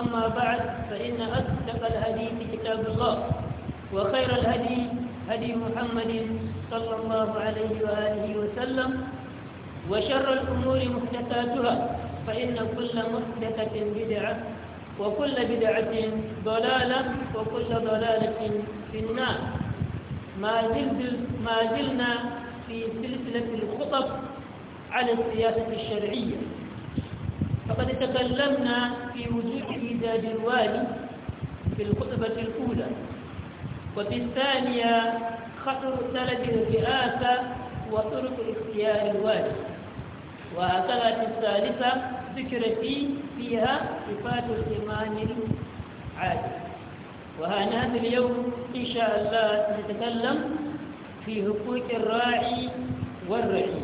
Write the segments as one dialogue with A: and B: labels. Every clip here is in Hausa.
A: أما بعد فإن أصدق الحديث كتاب الله وخير الهدي هدي محمد صلى الله عليه وآله وسلم وشر الأمور محدثاتها فإن كل محدثة بدعة وكل بدعة ضلالة وكل ضلالة في النار ما, ما زلنا في سلسلة الخطب على السياسة الشرعية فقد تكلمنا في وجود إيجاد الوالي في الخطبة الأولى وفي الثانية خطر سلة الرئاسة وطرق اختيار الوالي وهكذا في الثالثة ذكر في فيها صفات الإيمان العادي وها هذا اليوم إن شاء الله نتكلم في حقوق الراعي والرعي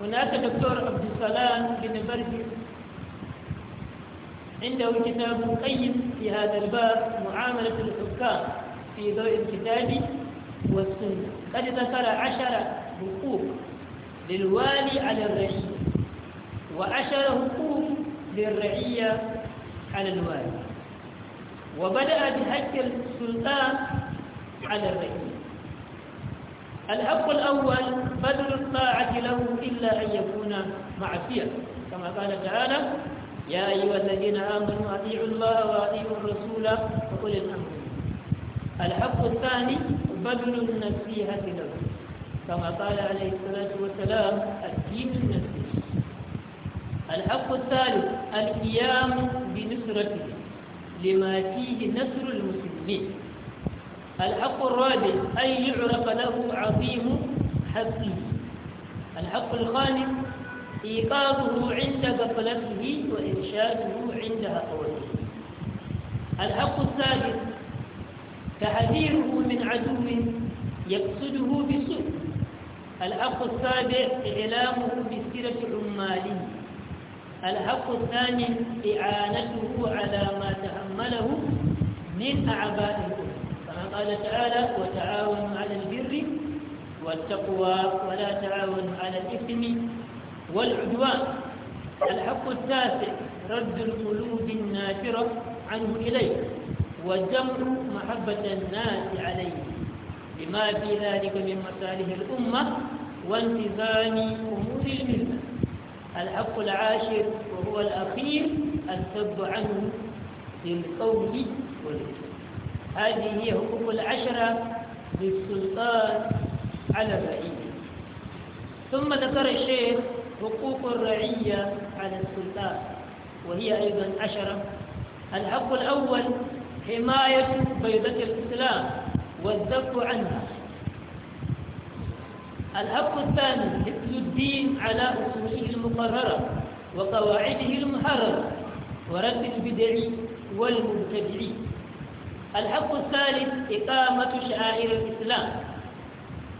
A: هناك دكتور عبد السلام بن برجي عنده كتاب قيم في هذا الباب معاملة الحكام في ضوء الكتاب والسنة قد ذكر عشر حقوق للوالي على الرعية وعشر حقوق للرعية على الوالي وبدأ بحق السلطان على الرعية الحق الأول بذل يكون معصية كما قال تعالى يا أيها الذين آمنوا أطيعوا الله وأطيعوا الرسول وقل الأمر الحق الثاني بذل النصيحة له كما قال عليه الصلاة والسلام الدين النصيحة الحق الثالث القيام بنصرته لما فيه نصر المسلمين الحق الرابع أن يعرف له عظيم حقه الحق الخامس إيقاظه عند غفلته وإنشاده عند هفوته الحق السادس تحذيره من عدو يقصده بسوء الحق السابع إعلامه بسيرة عماله الحق الثاني إعانته على ما تحمله من أعبائه كما قال تعالى وتعاونوا على البر والتقوى ولا تعاون على الإثم والعدوان الحق التاسع رد القلوب النافرة عنه إليه وجمع محبة الناس عليه لما في ذلك من مصالح الأمة وانتظام أمور الملة الحق العاشر وهو الأخير السب عنه للقول والإثم هذه هي حقوق العشرة للسلطان على الرعية ثم ذكر الشيخ حقوق الرعية على السلطان وهي أيضا عشرة الحق الأول حماية بيضة الإسلام والذب عنها الحق الثاني حفظ الدين على أصوله المقررة وقواعده المحررة ورد البدع والمبتدعين الحق الثالث إقامة شعائر الإسلام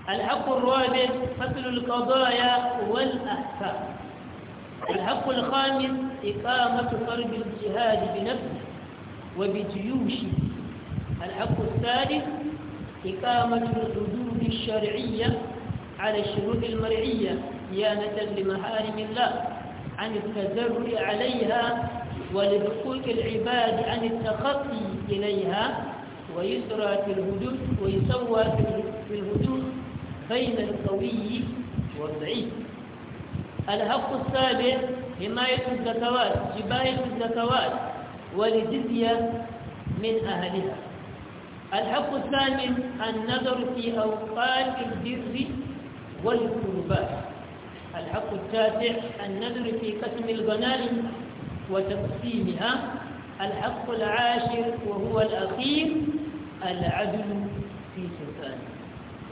A: الحق الرابع حفل القضايا والأحكام الحق الخامس إقامة فرض الجهاد بنفسه وبجيوشه الحق الثالث إقامة الحدود الشرعية على الشروط المرعية صيانة لمحارم الله عن التذرع عليها ولحقوق العباد عن التخطي إليها ويسرى في الهدوء ويسوى في الهدوء بين القوي والضعيف الحق السابع حماية الزكوات جباية الزكوات والجزية من أهلها الحق الثامن النظر في أوقات البر والقربات الحق التاسع النذر في قسم الغنائم وتقسيمها الحق العاشر وهو الأخير العدل في سبيل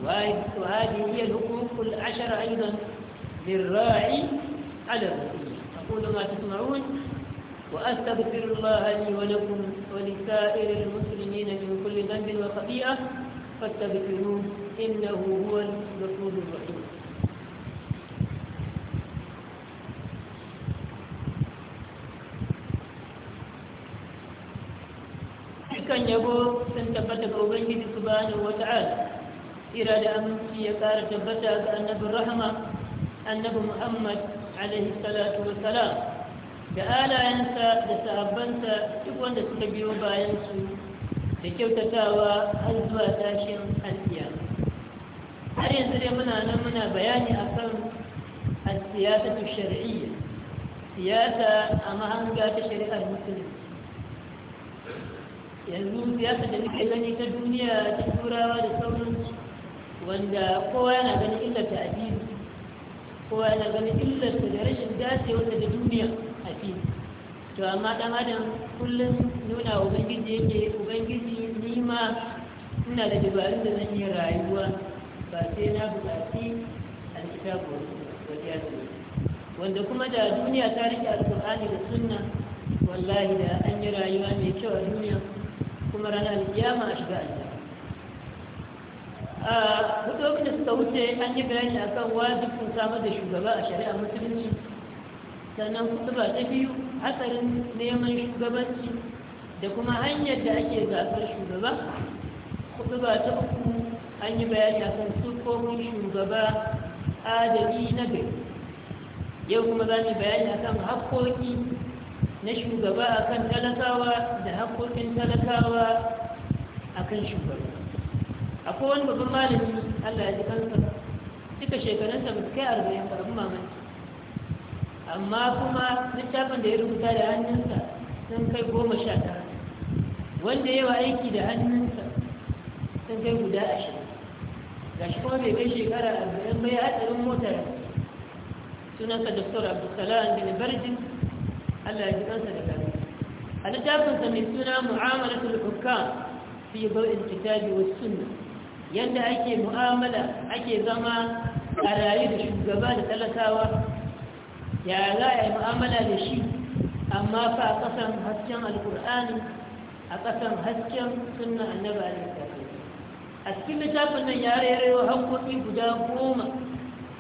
A: وهذه هي الحقوق العشر أيضا للراعي على الرسول أقول ما تسمعون وأستغفر الله لي ولكم ولسائر المسلمين من كل ذنب وخطيئة فاستغفروه إنه هو الغفور الرحيم dukkan yabo sun tabbata ga Ubangiji subhanahu wa ta'ala kira da aminci ya ƙara tabbata ga annabin rahama annabi muhammad alaihi salatu da alayensa da sahabbansa duk wanda suka biyo bayansu da kyautatawa har zuwa tashin alfiya har yanzu dai muna nan muna bayani akan السياسة siyasa سياسة أمام جات shari'ar musulunci yanzu siyasa da muke gani ta duniya ta turawa wanda kowa yana ganin ta addini kowa yana ganin ta da rashin wanda da duniya a fili to amma dan adam kullum nuna ubangiji yake ubangiji ni ma ina da dabarun da zan yi rayuwa ba sai na buƙaci alkitabu wajen wanda kuma da duniya ta rike alƙur'ani da sunna wallahi da an yi rayuwa mai kyau a duniya kuma ranar kiyama a shiga aljanna hudu lokacin suka wuce an yi bayani a kan wajibin samar da shugaba a shari'a musulunci sannan kudu ba ta biyu hatsarin neman shugabanci da kuma hanyar da ake gasar shugaba kudu ba ta uku an yi bayani a kan sufofin shugaba adali na bai yau kuma za mu bayani a kan haƙƙoƙi na shugaba a kan talakawa da haƙƙoƙin talakawa a kan shugaba akwai wani babban malamin, Allah ya ji kansa duka shekarunsa ba su kai arba'in ba mamaci. amma kuma littafin da ya rubuta da hannunsa sun kai goma sha tara wanda yawa aiki da hannunsa sun kai guda ashirin ga shi kuma bai kai shekara arba'in bai hatsarin motar sunansa doktor abdulsalam bin barjin Allah ya ji kansa da kansa a littafinsa mai suna mu'amalatul hukam fi bau'in kitabi was sunnah yadda ake mu'amala ake zama a rayu da shugaba da talakawa ya za a yi mu'amala da shi amma fa a ƙasan hasken alkur'ani a ƙasan hasken sunna annaba alaihi a cikin littafin nan ya wa hankoki guda goma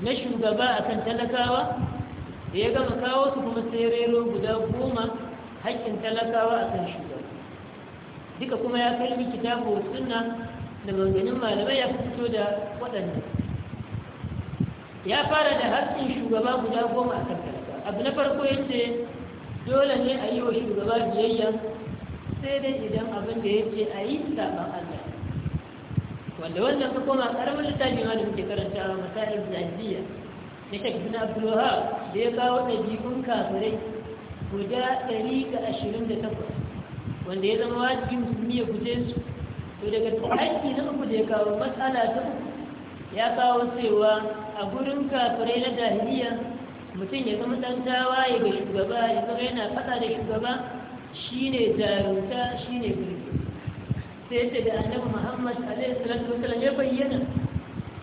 A: na shugaba a kan talakawa da ya gama kawo su kuma sai rero guda goma haƙƙin talakawa a kan shugaba duka kuma ya kalmi kitabu suna. da ganganin malamai ya fito da waɗanda ya fara da harshen shugaba guda goma a kan abu na farko ya ce dole ne a yi wa shugaba biyayya sai dai idan abin da ya ce a yi saɓan allah wanda wannan ka koma ƙaramin littafi ma da muke karanta a masa'in zajiya na shakin abdulluha da ya kawo ɗabi'un kafirai guda ɗari ga ashirin da takwas wanda ya zama wajibi musulmi ya guje su to daga aiki na uku da ya kawo matsala ta uku ya kawo cewa a gurin kafirai na dahiliya mutum ya zama ɗan tawaye ga shugaba ya zama yana faɗa da shugaba shi ne jarumta shi ne gurbi sai ce da annabi muhammad alayhi salatu wasalam ya bayyana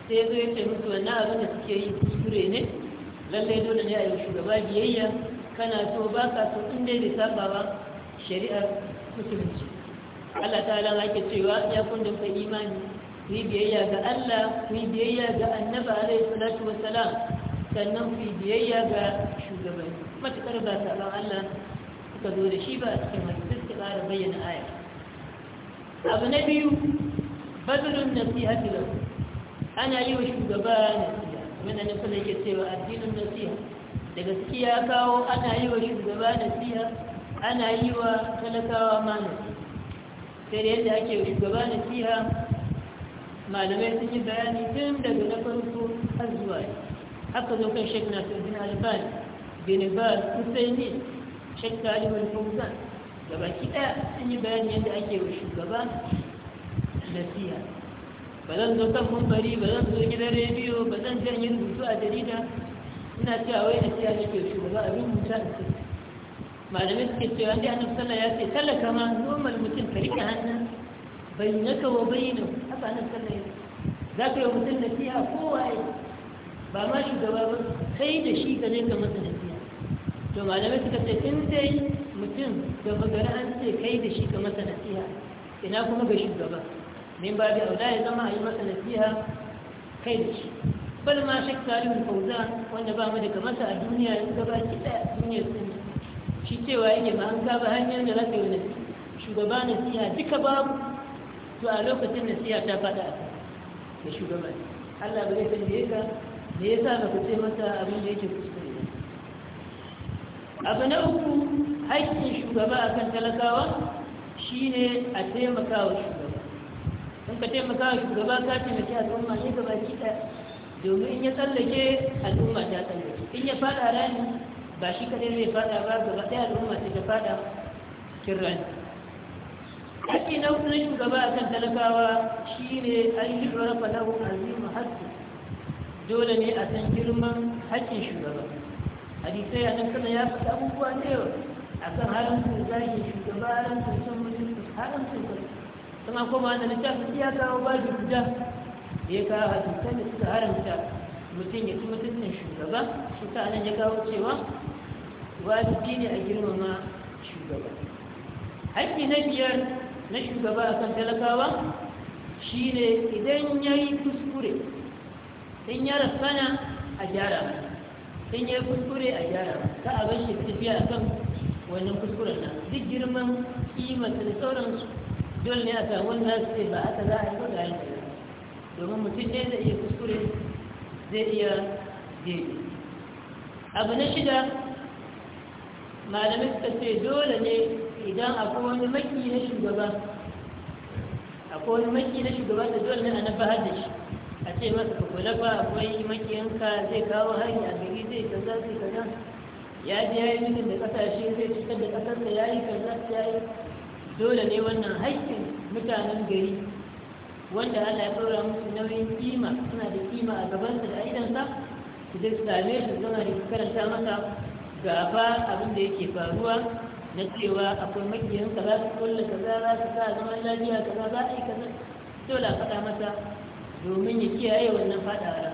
A: sai ya zo ya ce musu wannan abin da suke yi kure ne lallai dole ne a yi shugaba biyayya kana so ba ka so in dai saba ba shari'ar musulunci Allah ta ma yake cewa ya kun da fa imani ku biyayya ga Allah ku biyayya ga annabi alaihi salatu Salam sannan ku biyayya ga shugabanni matakar ba saban Allah suka zo da shi ba a cikin hadisi suka ƙara bayyana aya abu na biyu badrun nasihati lahu ana yi wa shugaba nasiha wanda na kula yake cewa addinin nasiha da gaskiya kawo ana yi wa shugaba nasiha ana yi wa talakawa ma nasiha sai yadda ake shugaba na siya malamai sun yi bayani tun daga na farko har zuwa yi haka zo kan shek nasiruddin albani benebar husaini shek talib al da gabaki kiɗa sun yi bayani yadda ake shugaba na siya ba zan zo kan mumbari ba zan zo gidan rediyo ba zan jan yin rubutu a jarida ina cewa wai siya ake shugaba abin mutane a malamai suke cewa dai annabi sallallahu ya ce talaka ma normal mutum ka rike hannun bayyana wa bayyana haka annabi sallallahu ya za ka yi mutum nasiha kowa ya ba ma shugaba ba kai da shi ka zai ka masa nasiha to malamai suka ce in dai mutum da magana an ce kai da shi ka masa nasiha ina kuma ga shugaba min ba da aula ya zama a yi masa nasiha kai da shi bal ma shakka yin fauza wanda ba mu daga masa a duniya ya gaba ki daya duniya sun shi cewa yake ba an kaba hanyar da rafe wani shugaba na siya duka babu to a lokacin da siya ta fada da shugaba allah ba zai san da yaka da ya sa ba ku ce masa abin da yake kuskure abu na uku haƙƙin shugaba a kan talakawa shi ne a taimaka wa shugaba in ka taimaka wa shugaba ka taimaki al'umma ne gaba ki ɗaya domin in ya tsallake al'umma ta tsallake in ya faɗa rani ba shi kadai zai fada ba gaba ɗaya al'umma sai ta fada kirran haƙƙi na hudu na shugaba a kan talakawa shi ne an yi tsoron falahun azimu haske dole ne a san girman haƙƙin shugaba hadisai a nan kana ya faɗa abubuwa ne yau a kan haramcin zagin shugaba haramcin sun mutum haramcin kwalci kuma kuma da littafin ya kawo babu guda ya kawo hadisan da suka haramta mutum ya ci mutuncin shugaba shi ta nan ya kawo cewa wajibi ne a girmama shugaba haƙƙi na biyar na shugaba a kan talakawa shi ne idan ya yi kuskure in ya rasana a gyara in ya yi kuskure a gyara ta a bar shi tafiya a kan wannan kuskuren nan duk girman kimanta da sauransu dole ne a samu nasu sai ba aka za a yi kuɗa yin domin mutum ne zai iya kuskure zai iya daidai abu na shida malamai suka ce dole ne idan akwai wani maki na shugaba akwai wani maki na shugaba da dole ne a nafa da shi a ce masa ka kula ba akwai makiyanka zai kawo hari a gari zai kaza zai kaza ya ji ya yi mutum da kasashe zai cikar da da ya yi kaza ya yi dole ne wannan haƙƙin mutanen gari wanda Allah ya ɗora musu nauyin kima suna da kima a gabansa da aidansa su dai su same shi suna da karanta masa gafa abin da yake faruwa na cewa akwai makiyansa za su kulle kaza za su sa zaman lafiya kaza za a yi kaza dole la faɗa masa domin ya kiyaye wannan faɗawa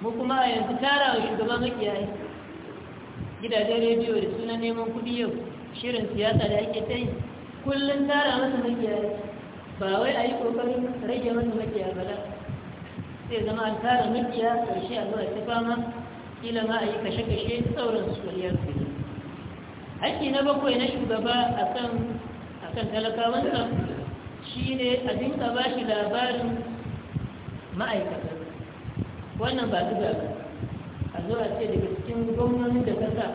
A: mu kuma a yanzu tara wa shugaban makiyaye gidajen rediyo da suna neman kuɗi yau shirin siyasa da ake ta yi kullum tara masa makiyaye ba wai a yi ƙoƙarin rage masa makiya ba sai zama an tara makiya ƙarshe a zuwa ta fama kila ma a yi kashe-kashe sauran suriyar su ne na bakwai na shugaba a kan talakawansa shi ne a dinka ba shi labarin ma'aikatar wannan ba su gaba a zo a ce daga cikin gwamnoni da kasa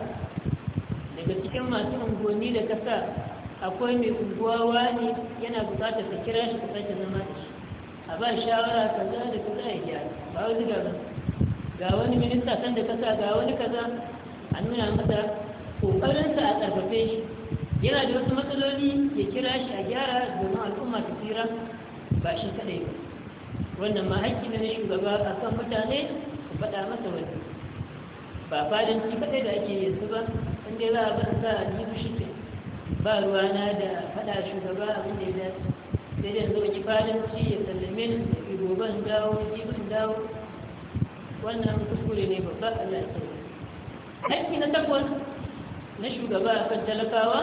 A: daga cikin masu unguwanni da kasa akwai mai unguwa ne yana bukatar ka kira shi ka sake zama da shi a ba shawara ka za da kaza ya gyara ba wani gaba ga wani minista kan da kasa ga wani kaza a nuna masa kokarinsa a tsarfafe shi yana da wasu matsaloli ya kira shi a gyara domin al'umma ta tsira ba shi kadai ba wannan ma haƙƙi na shugaba a kan mutane ku faɗa masa wani ba fadin ci kadai da ake yanzu ba dai za a ban sa a yi shi ke ba ruwana da faɗa shugaba abin da ya dace sai da yanzu wani fadin ci ya sallame ni da gobe dawo jibin dawo wannan kuskure ne babba Allah ya tsare hakki na takwas na shugaba a kan talakawa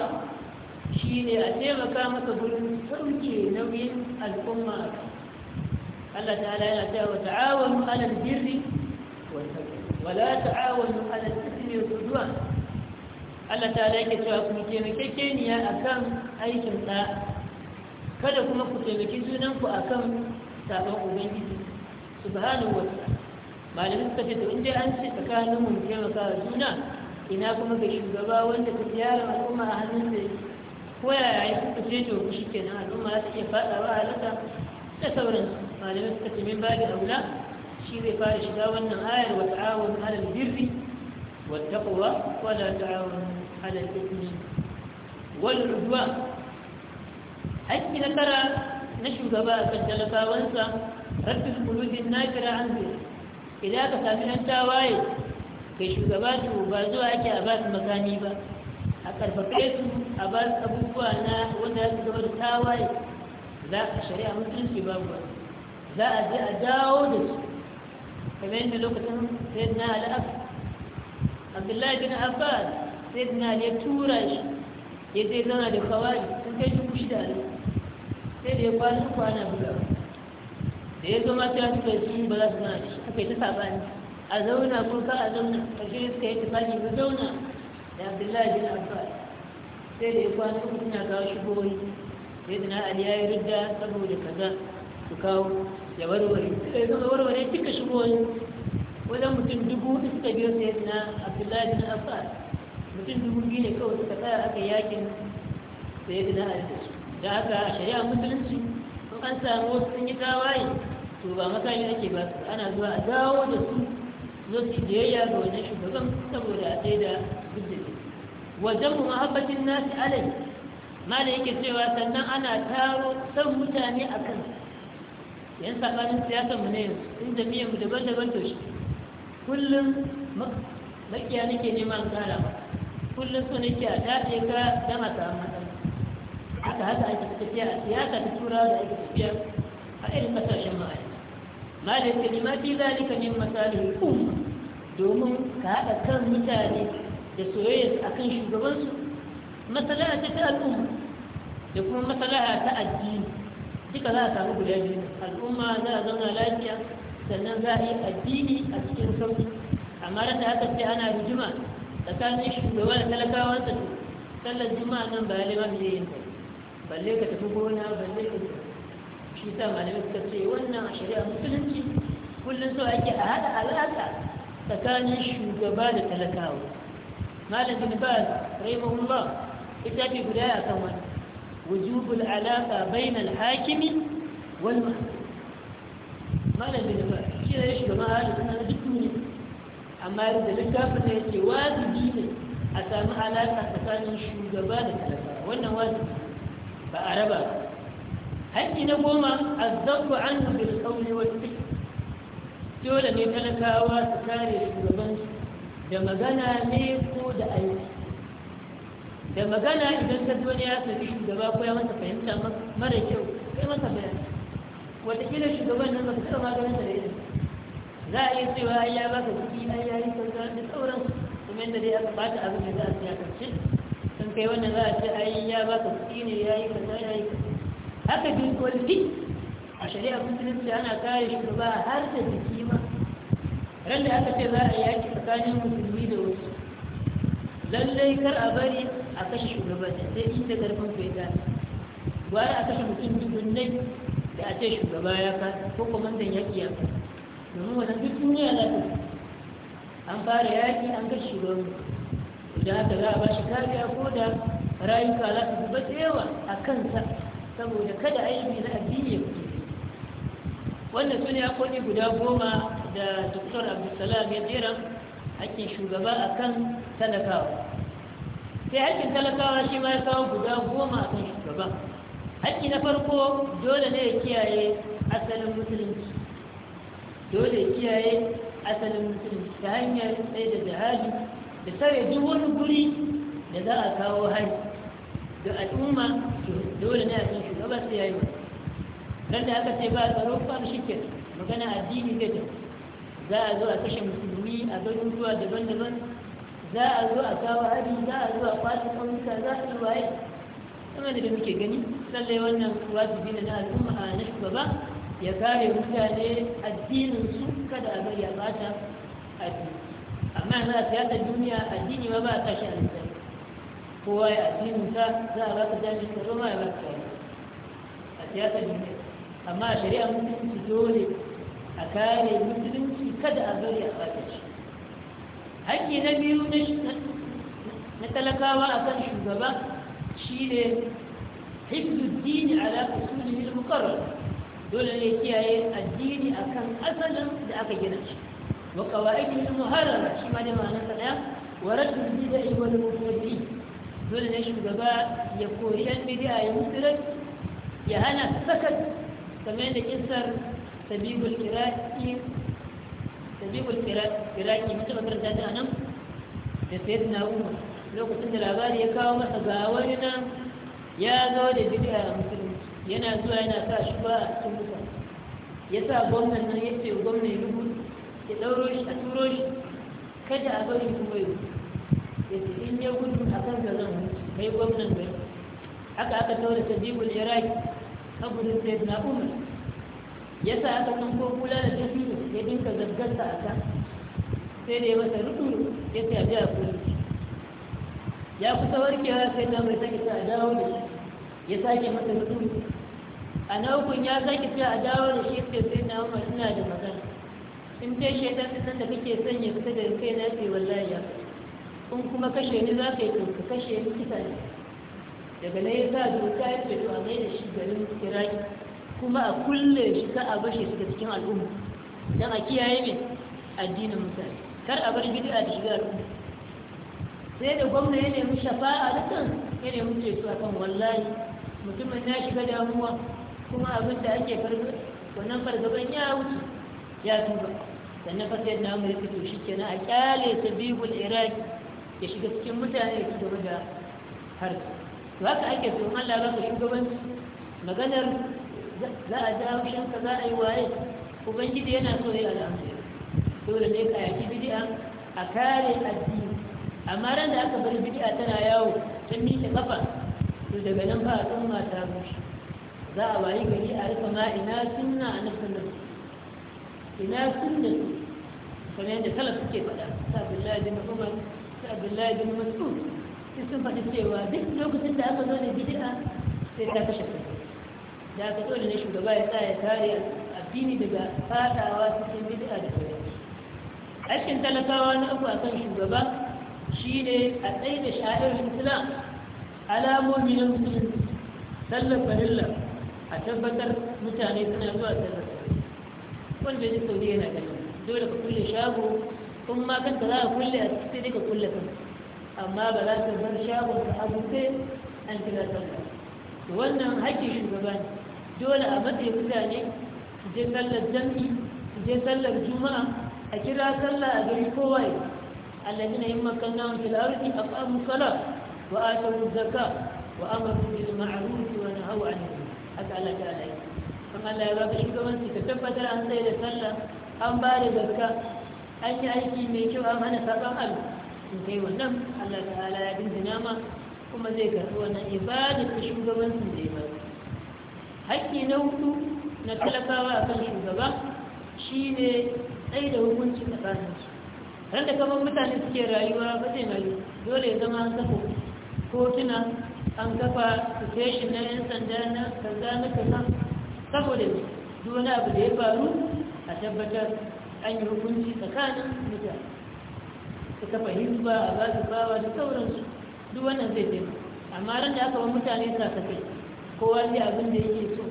A: shi ne a taimaka masa gurin sauke nauyin al'umma Allah ta'ala yana cewa wa ta'awanu 'alal birri wa la ta'awanu 'alal ithmi wal zuwa? Allah ta'ala yake cewa ku taimakekeniya akan aikin da kada kuma ku taimaki junanku akan sabon ubangiji subhanahu wa ta'ala malamin suka ce to in dai an ce tsakanin mu taimaka juna ina kuma ga shugaba wanda ta ziyarar al'umma a hannun da ko yaya ya suka ce to shi ke nan al'umma za ta iya faɗawa a halaka da sauran malamin suka ce min bada aula shi zai fara shiga wannan ayar wa ta'awun alal birri wa taqwa wa la ta'awun alal ithmi wal udwan hakki na tara na shugaba a kan talakawansa rabbul qulubi nakira an zai idan aka sami ɗan tawaye kai shugaba to ba zuwa ake a ba su makami ba a karfafe su a ba su abubuwa na wanda ya gaba da tawaye za a shari'a musulunci babu ba za a je a dawo da su kamar yadda lokacin sai na al'af abdullahi bin abbas sai na ya tura shi ya zai zama da kawai sun kai dubu shida ne sai da ya kwana kwana buga da ya zama ta suka yi ba za su na da shi suka yi ta ne a zauna ko ka a zauna ƙarshe suka yi tafaki ba zauna da abdullahi bin abbas sai da ya kwana uku suna kawo shigohi sai da na ali ya yi rudda saboda kaza su kawo ya warware suka yi zama warware cika shigohi wajen mutum dubu da suka biyo sai da na abdullahi bin abbas mutum dubu biyu ne kawai suka tsaya aka yakin sai da na ali da da haka a shari'a musulunci an samu wasu sun yi tawaye to ba makami ake ba su ana zuwa a dawo da su zo su biyayya ga wannan shugaban saboda a sai da bidda wajen muhabbatin nasi alai ma da yake cewa sannan ana taro san mutane a kan yan sabanin siyasa mu ne yanzu in jami'an mu daban-daban to shi kullum makiya nake neman kara ba kullum su nake a dace ka don a samu matsala haka haka ake tafiya a siyasa ta tura da ake tafiya a irin kasashen ma'ai ma ne ma fi zalika min masalihul umma domin ka haɗa kan mutane da soyayya kan shugabansu masalaha ta al'umma da kuma masalaha ta addini duka za a samu guda biyu al'umma za a zauna lafiya sannan za a yi addini a cikin sauki amma da haka sai ana rijima tsakanin shugaban da talakawa ta sallar juma'a nan ba ya lema zai yin balle ka tafi gona balle ka tafi shi sa malamai suka ce wannan a shari'a musulunci kullum so ake a haɗa alaƙa tsakanin shugaba da talakawa malam bin baz rahimahullah ita ce guda a kan wani wujubul alaƙa bainal hakimi wal mahkum malam bin baz shi ne shugaban halin suna duk ne amma da littafin ne ce wajibi ne a sami alaƙa tsakanin shugaba da talakawa wannan wajibi ba a raba ba haƙƙi na goma zanku an bil qawli wal fi'l dole ne talakawa su kare shugaban da magana ne ko da aiki da magana idan ka wani ya sami shugaba ko ya masa fahimta mara kyau wata masa bayani da shugaban nan baka taɓa maganin da yi za a iya cewa ya ya baka jiki a ya yi sauran da sauran kuma yadda dai aka bata abin da za a ce a ƙarshe sun kai wannan za a ce ai ya baka jiki ne ya yi kaza ya yi kaza haka dukiyoyi duk a shari'a musulunci ana kare shugaba har da jiki ma ran da aka ce za a yaki tsakanin musulmi da wasu lallai kar a bari a kashe shugaban da sai da karfin bai gane gwara a kashe mutum dubunnai da a ce shugaba ya kasa ko kuma kwamandan yaƙi ya kasa domin wannan duk duniya za ta an fara yaki, an kashe shugaban da haka za a ba shi kariya ko da rayuka za su zuba da yawa a kansa saboda kada aiki na addini ya kuce wannan su ne akwai guda goma da dr abdulsalam ya jera hakkin shugaba a kan talakawa sai hakkin talakawa shi ma ya kawo guda goma a kan shugaban hakki na farko dole ne ya kiyaye asalin musulunci dole ya kiyaye asalin musulunci ta hanyar tsaye da jihadi da tsare duk wani guri da za a kawo hari da al'umma dole ne a san shugaba sai ya yi ba da aka ce ba tsaro ba shi ke magana addini zai tafi za a zo a kashe musulmi a garuruwa daban-daban za a zo a kawo hari za a zo a kwashe ƙauyuka za a yi waye kuma da muke gani lallai wannan wajibi na al'umma a na shugaba ya kare mutane addinin su kada a bari a bata addini amma za a siyasar duniya addini ba ba a kashe addini kowa ya addinin za a baka jami'in ka zo ma ya baka jami'in a siyasa ne amma a shari'a musulunci dole a kare musulunci kada a bari a baka shi haƙƙi na biyu na talakawa a kan shugaba shi ne hibduddini ala usulihi al-muqarrar dole ne kiyaye addini akan asalin da aka gina shi wa qawaidihi al-muharrara shi ma da ma'anar sa daya wa raddul bid'ah wani mubtadi'in dole ne shugaba ya kori yan bidiya ya musulun ya hana sakat kamar da kisar sabibul iraki sabibul iraki mutum makaranta ta nan da sayar na umar lokacin da labari ya kawo masa ga wani nan ya zo da bidiya a musulun yana zuwa yana sa shi ba a cikin mutane ya sa gwamnan nan ya ce gwamnan ya rubuta ya ɗauro shi a turo shi kada a bari kuma ya in ya gudu a kan ka zan kai gwamnan bai haka aka taura sadiqul iraki a gudun sayyid na umar ya sa aka san ko kula da ta fito ya dinka gaggasta a kan sai da ya masa rudu ya ce a biya kuli ya kusa warkewa sai na mai sake a dawo da shi ya sake masa rudu a naukun ya sake ce a dawo da shi sai sai na umar ina da magana in ce shaidan sun da kake sanya ya fita da kai na ce wallahi ya fi kun kuma kashe ni za ka yi ɗauka, kashe ni kisa ne daga na ya sa doka ya ce to a mai da shi garin kiraki, kuma a kulle shi ka a bashe shi ga cikin al'umma don a kiyaye ne addinin mutane kar a bar bid'a da shiga al'umma sai da gwamna ya nemi shafa'a da kan ya nemi ceto a kan wallahi mutumin na shiga damuwa kuma abin da ake farga wannan fargaban ya wuce ya tuba sannan fasayar na amurka to shi kenan a kyale bibul iraki ya shiga cikin mutane ya ci gaba da harka to haka ake so Allah ba ka shugabanci maganar za a ja ka za a yi waye ubangiji yana so ya al'amari dole ne ka yaki bidi'a a kare addini amma ran da aka bar bidi'a tana yawo ta miƙe kafa to daga nan ba a tsumma mata mushi za a wayi gari a rufe ma ina sunna a nufin nan ina sunna kamar yadda talaf suke faɗa sabbin lajin bin umar abdullahi bin mas'ud sun faɗi cewa duk lokacin da aka zo da bid'a sai ta kashe ta da aka dole ne shugaba ya sa ya kare addini daga fatawa cikin bid'a da sauransu
B: aikin talakawa na uku akan shugaba
A: shine a tsaye da sha'irin islam alamomi na musulunci sallar farilla a tabbatar mutane suna zuwa sallar wanda ya sauri yana gani dole ka kulle shago in ma kanka za a kulle a cikin sai ka kulle kan amma ba za ta bar shagon ka a buɗe an kira sallah wannan haƙƙin shugaba ne dole a matsayi mutane su je sallar jam'i su je sallar juma'a a kira sallah a gari kowa ya allazina yin makanna wa filarudi a ƙamu sala wa atawu zakka wa amaru bil ma'ruf wa nahaw anil haka Allah ta yi kan Allah ya ba baka shugabanci ka tabbatar an sai da sallah an ba da zakka an yi aiki mai kyau an hana sabon abu sun kai wannan Allah ta'ala ya bin nama kuma zai karɓi wannan ibadar ta shugabancin da ya ba hakki na hudu na talakawa akan shugaba ne tsaye da hukunci tsakanin su ran da kamar mutane suke rayuwa ba zai rayu dole ya zama an kafa kotuna an kafa station na yan sanda na kaza na kaza saboda duk wani abu da ya faru a tabbatar an yi hukunci tsakanin mutane su kafa ba a za su bawa da sauransu duk wannan zai taimaka amma ran da aka ba mutane sa ka kai kowa ne abin da yake so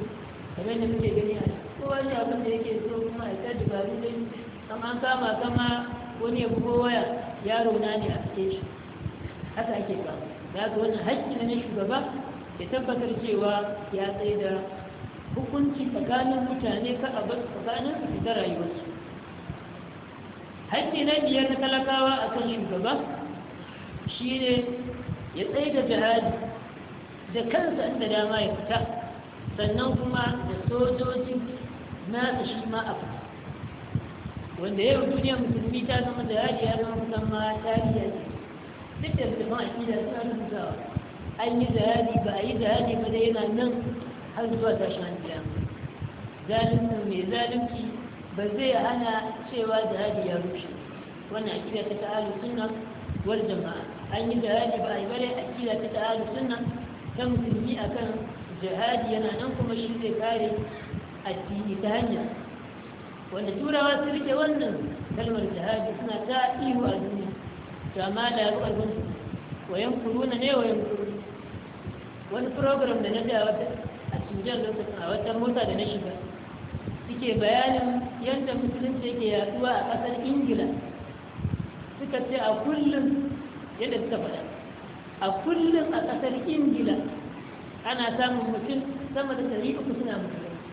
A: kamar da muke gani a kowa ne abin da yake so kuma a ta dubaru yi kama kama kama wani ya bugo waya yaro na ne a cikin shi haka ake ba ya ga wannan haƙƙi na shugaba ya tabbatar cewa ya tsaye da hukunci tsakanin mutane ka a tsakanin su da rayuwarsu haƙƙi na biyar na talakawa a kan yin gaba shi ne ya tsaye da jihadi da kansa inda dama ya fita sannan kuma da sojoji nasa shi ma a fita wanda yau duniya musulmi ta zama da yari ya zama kusan ma tariya ne duk da musulman a ƙida suna rubutawa an yi jihadi ba a yi jihadi ba da yana nan har zuwa tashin hanziya zalunci mai zalunci ba zai hana cewa jihadi ya rushe wannan akida ta ta'alu sunna wal jama'a an yi jihadi ba a yi bare akida ta ta'alu sunna ta musulmi akan jihadi yana nan kuma shi zai kare addini ta hanya wanda turawa su rike wannan kalmar jihadi suna ta ihu a duniya amma da ƙarfin wayan kuruna ne wayan kuruna wani program da na da wata a cikin lokacin a wata mota da na shiga suke bayanin yadda musulunci yake yaduwa a ƙasar ingila suka ce a kullum yadda suka faɗa a kullum a ƙasar ingila ana samun mutum sama da ɗari uku suna musulunci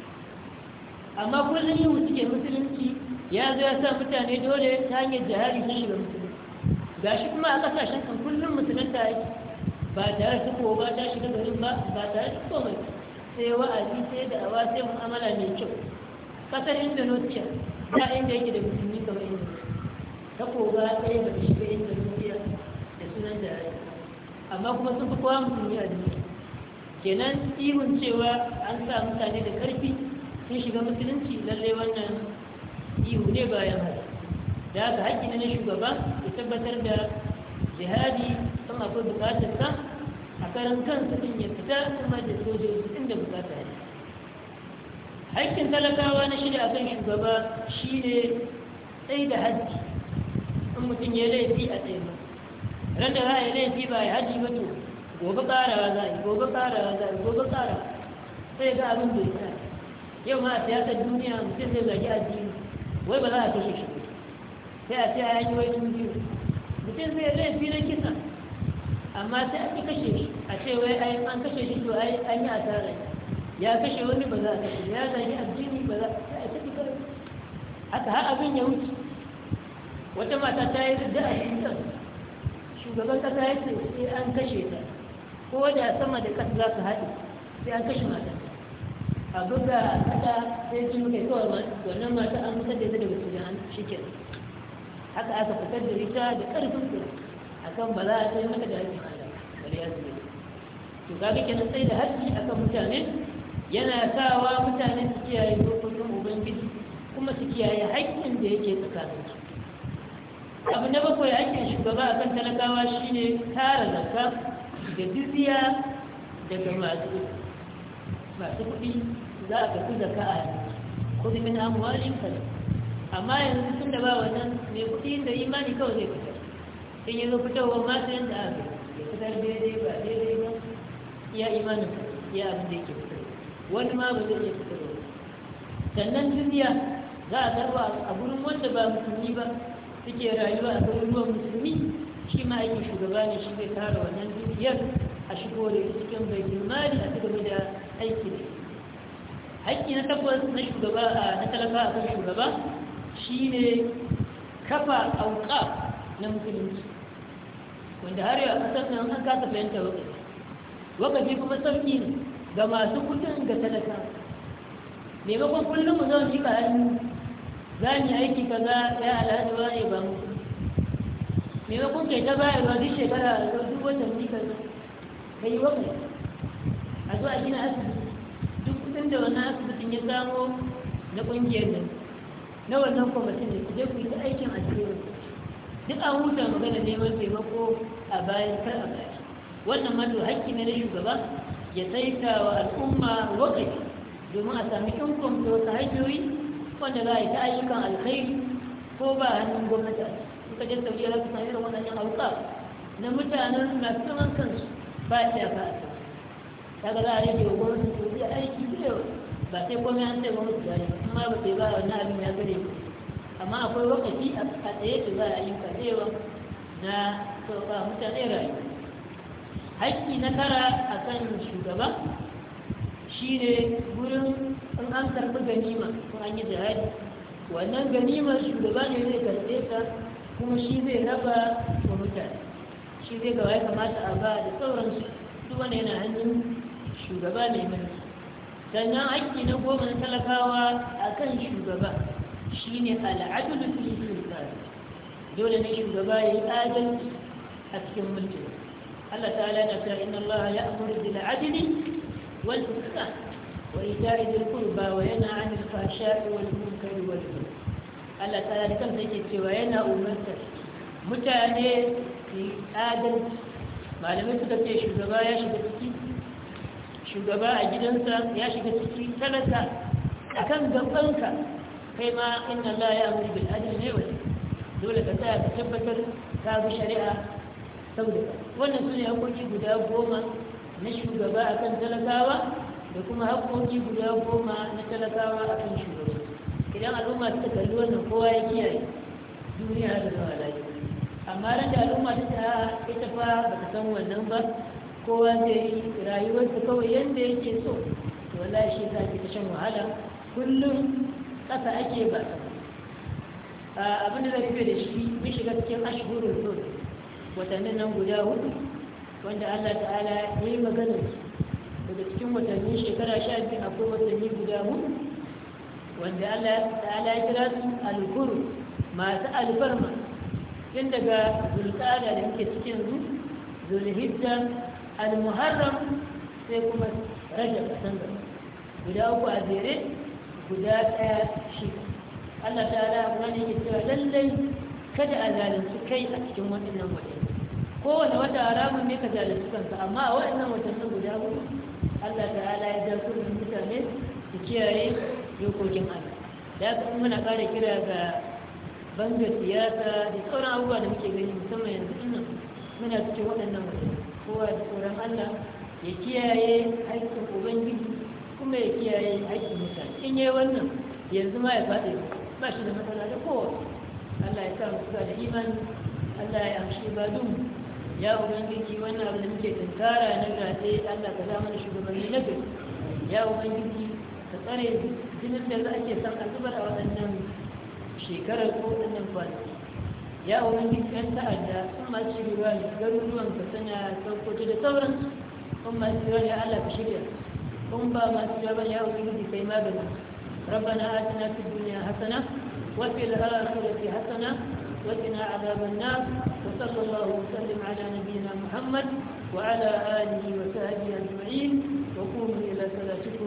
A: amma kullum yin suke musulunci ya zo ya sa mutane dole ta hanyar jihari sun shiga musulunci ga shi kuma a ƙasashen kan kullum musulunta yake ba tare su ko ba ta shiga garin ba ba tare su mai sai wa'azi sai da awa sai mu'amala mai kyau kasar indonesia ta inda yake da musulmi kamar indonesia ta koga ɗaya ba ta shiga indonesia da sunan da ya amma kuma sun fi kowa musulmi a duniya kenan ihun cewa an sa mutane da ƙarfi sun shiga musulunci lallai wannan ihu ne bayan haka da haka haƙƙi na shugaba ya tabbatar da jihadi sun akwai bukatarsa a karan kansu ɗin ya fita kuma da sojoji inda bukatar haƙƙin talakawa na shirya akan shugaba shine tsaye da haddi in mutum ya laifi a tsaye ba ran da ya laifi ba ya haddi ba gobe ƙarawa za a yi gobe ƙarawa za a yi gobe ƙara sai ga abin da ya yau ma a siyasar duniya mutum zai zagi addini wai ba za a kashe shi sai a siya a yi wai tun biyu mutum zai laifi na kisa amma sai a ƙi kashe shi a ce wai an kashe shi to an yi asarar shi. ya kashe wani ba za a kashe ya zagi addini ba za a tafi kawai haka har abin ya wuce wata mata ta yi da a cikin shugaban kasa ya ce sai an kashe ta ko da sama da kasa za su haɗe sai an kashe mata a buga a kada sai jin kai kawai wannan mata an fitar da wasu daga hannu shi ke haka aka fitar da rita da ƙarfin su kan ba za a sai mata da haƙƙin Allah bari ya zuwa to ga kenan sai da a akan mutane yana sawa mutane su kiyaye dokokin ubangiji kuma su kiyaye haƙƙin da yake tsakanin su abu na bakwai haƙƙin shugaba kan talakawa shine tara zakka da dubiya daga masu masu kuɗi za a tafi zakka a kuɗi min amwalin kalam amma yanzu tun da ba wannan mai kuɗi da imani kawai zai fitar in yanzu fitowa ma sai yanda ya fitar daidai ba daidai ba ya imanin ya abin da yake wani ma ba zai iya fitarwa sannan duniya za a karba a gurin wanda ba musulmi ba suke rayuwa a ruwan musulmi shi ma aikin shugaba ne shi zai tara wannan dukiyar a shigo da ita cikin bai mali a cikin da aiki ne aiki na tabbas na shugaba na talaka a kan shugaba shi ne kafa auka na musulunci wanda har yau a ƙasar nan an kasa fahimta wakati? Wakati kuma sauƙi ne ga masu kudin ga talaka maimakon kullum mu zama jika hannu za ni aiki ka za ya alhaji ba ne ba mu maimakon kai ta bayar ba duk shekara a duk wata mu ka ka yi wa a zuwa gina asibiti duk kudin da wannan asibitin ya samo na kungiyar ne, na wannan kwamitin da ku je ku yi ta aikin asibiti duk an huta magana neman taimako a bayan kar a bayan wannan mato hakki na na shugaba ya saita wa al'umma lokaci domin a sami inkon da wata hanyoyi wanda za a yi ta ayyukan alkhairi ko ba hannun gwamnati suka je sauki za su sami irin waɗannan hauka na mutanen masu zaman kansu ba ta ba ta ga za a rage wa gwamnati su yi aiki da ba sai komai an sai gwamnati ba amma ba sai ba wani abin ya gare ku amma akwai lokaci a tsaye da za a yi kadewa na sauka mutane rayuwa haƙƙi na tara a kan shugaba shi ne gurin an an karɓi ganima ko an yi jihadi wannan ganimar shugaba ne zai karɓe ta kuma shi zai raba wa mutane shi zai gawa ya kamata a ba da sauransu su wani yana hannun shugaba mai mulki sannan haƙƙi na goma na talakawa a kan shugaba shi ne al'adulu fi sultan dole ne shugaba ya yi adalci a cikin mulkin الله تعالى نفى إن الله يأمر بالعدل والإحسان وإيتاء ذي القربى وينهى عن الفحشاء والمنكر والبغي Allah ta da kansa yake cewa yana umarta mutane su adalci malamai suka ce shugaba ya shiga ciki shugaba a gidansa ya shiga ciki talata a kan gabanka kai ma inna Allah ya amur bil adl ne wani dole ka tsaya ka tabbatar ka bi shari'a saboda wannan su ne haƙoƙi guda goma na shugaba a kan talakawa da kuma haƙoƙi guda goma na talakawa a kan shugaba idan al'umma suka kalli wannan kowa ya kiyaye duniya da zama lafiya amma ran da al'umma ta ta ita fa ba ta san wannan ba kowa zai yi rayuwarsa kawai yadda yake so wallahi shi za ta shan wahala kullum ƙasa ake ba ah, abin da zai fi da shi mun shiga cikin ashhurul hur watannin nan guda hudu wanda Allah ta'ala ya yi magana daga cikin watannin shekara sha biyu akwai watanni guda hudu wanda Allah ta'ala ya kira su alkuru masu alfarma tun daga zulƙada da muke cikin zu zulhijja almuharram sai kuma rajab sanda guda uku a jere guda ɗaya shi Allah ta'ala wani ya cewa lallai kada a zalunci kai a cikin waɗannan wata kowane wata haramun ne ka jalisi kansa amma a waɗannan watannin guda hudu Allah ta'ala ya ja kurin mutane su kiyaye dokokin Allah da kuma muna ƙara kira ga banga siyasa da sauran abubuwa da muke gani musamman yanzu ina muna cikin waɗannan watanni kowa da tsoron Allah ya kiyaye aikin ubangiji kuma ya kiyaye aikin mutane in yi wannan yanzu ma ya faɗi ba shi da matsala da kowa Allah ya sa mu da imani Allah ya amshi dun ya ubangiji wannan abu da muke tunkara na gaje Allah ka zama da shugabanni na gari ya ubangiji ka tsare jinin da za a ke san azubar a waɗannan shekarar ko waɗannan kwanaki ya ubangiji ɗan ta'adda sun masu shirya garuruwan ka sana saukoto da sauran kun masu shirya Allah ka shirya kun ba masu shirya ya ubangiji kai magana ربنا آتنا في الدنيا حسنة وفي الآخرة حسنة وقنا عذاب النار وصلى الله وسلم على نبينا محمد وعلى آله وصحبه أجمعين وقوموا إلى صلاتكم